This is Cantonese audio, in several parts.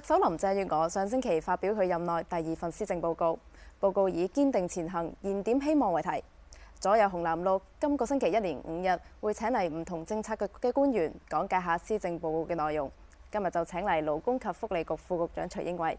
特首林鄭月娥上星期發表佢任內第二份施政報告，報告以堅定前行、燃點希望為題。左右紅藍綠今個星期一連五日會請嚟唔同政策局嘅官員講解下施政報告嘅內容。今日就請嚟勞工及福利局副局長徐英偉。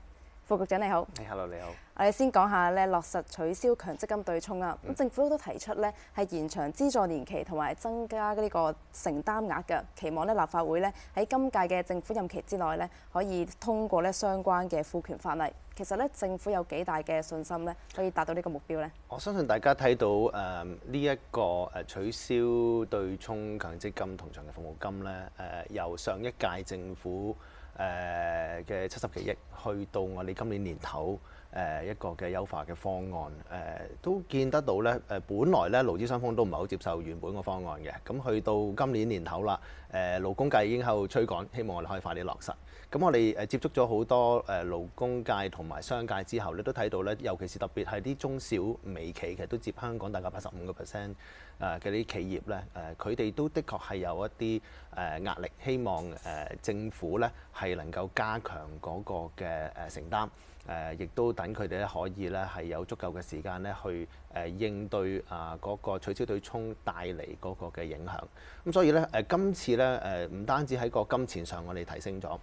副局長你好，誒、hey,，hello 你好，我哋先講下咧，落實取消強積金對沖啦。咁、嗯、政府都提出咧，係延長資助年期同埋增加呢個承擔額嘅期望咧。立法會咧喺今屆嘅政府任期之內咧，可以通過咧相關嘅賦權法例。其實咧，政府有幾大嘅信心咧，可以達到呢個目標咧？我相信大家睇到誒呢一個誒取消對沖強積金同長期服務金咧誒、呃，由上一屆政府。誒、呃、嘅七十幾億去到我哋今年年頭誒、呃、一個嘅優化嘅方案誒、呃、都見得到咧誒，本來咧勞資雙方都唔係好接受原本個方案嘅，咁、嗯、去到今年年頭啦誒，勞工界已經喺度催趕，希望我哋可以快啲落實。咁、嗯、我哋誒接觸咗好多誒、呃、勞工界同埋商界之後，你都睇到咧，尤其是特別係啲中小微企，其實都接香港大概八十五個 percent 誒嘅啲企業咧誒，佢、呃、哋都的確係有一啲誒壓力，希望誒、呃、政府咧係，係能夠加強嗰個嘅誒承擔，誒亦都等佢哋咧可以咧係有足夠嘅時間咧去誒應對啊嗰個取消對沖帶嚟嗰個嘅影響。咁、嗯、所以咧誒今次咧誒唔單止喺個金錢上，我哋提升咗。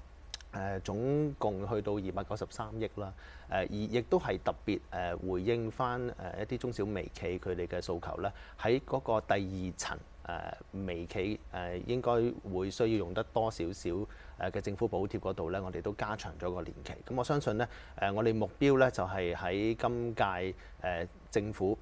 誒總共去到二百九十三億啦，誒而亦都係特別誒回應返誒一啲中小微企佢哋嘅訴求啦。喺嗰個第二層誒微企誒應該會需要用得多少少誒嘅政府補貼嗰度咧，我哋都加長咗個年期。咁我相信咧誒，我哋目標咧就係喺今屆誒政府。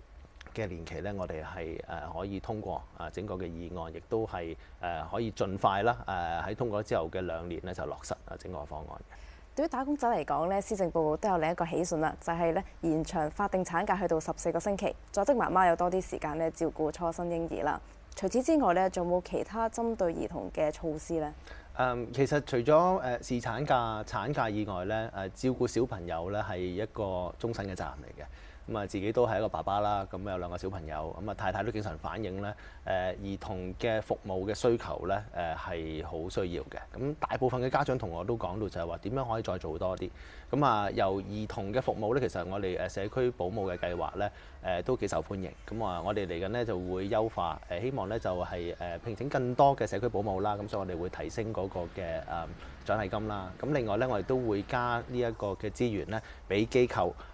嘅年期咧，我哋係誒可以通過啊，整個嘅議案，亦都係誒可以盡快啦。誒喺通過之後嘅兩年咧，就落實啊整個方案嘅。對於打工仔嚟講咧，施政報告都有另一個喜訊啦，就係咧延長法定產假去到十四個星期，在職媽媽有多啲時間咧照顧初生嬰兒啦。除此之外咧，仲有冇其他針對兒童嘅措施咧？誒、嗯，其實除咗誒侍產假、產假以外咧，誒照顧小朋友咧係一個終身嘅責任嚟嘅。咁啊，自己都係一個爸爸啦，咁有兩個小朋友，咁啊太太都經常反映咧，誒、呃、兒童嘅服務嘅需求咧，誒係好需要嘅。咁大部分嘅家長同學都講到就係話點樣可以再做多啲。咁啊、呃，由兒童嘅服務咧，其實我哋誒社區保姆嘅計劃咧，誒、呃、都幾受歡迎。咁啊，我哋嚟緊咧就會優化，誒、呃、希望咧就係、是、誒、呃、聘請更多嘅社區保姆啦。咁所以我哋會提升嗰個嘅誒獎勵金啦。咁另外咧，我哋都會加呢一個嘅資源咧，俾機構。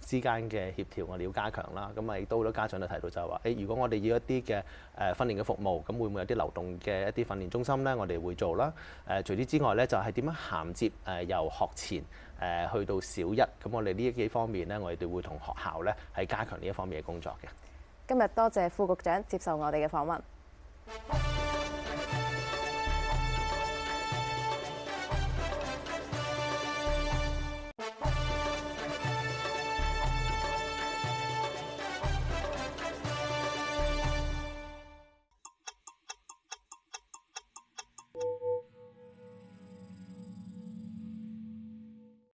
之間嘅協調，我哋要加強啦。咁咪亦都好多家長就提到就係話，誒，如果我哋要一啲嘅誒訓練嘅服務，咁會唔會有啲流動嘅一啲訓練中心呢？我哋會做啦。誒、呃，除此之外呢，就係點樣銜接誒、呃、由學前誒、呃、去到小一，咁我哋呢幾方面呢，我哋會同學校呢係加強呢一方面嘅工作嘅。今日多謝副局長接受我哋嘅訪問。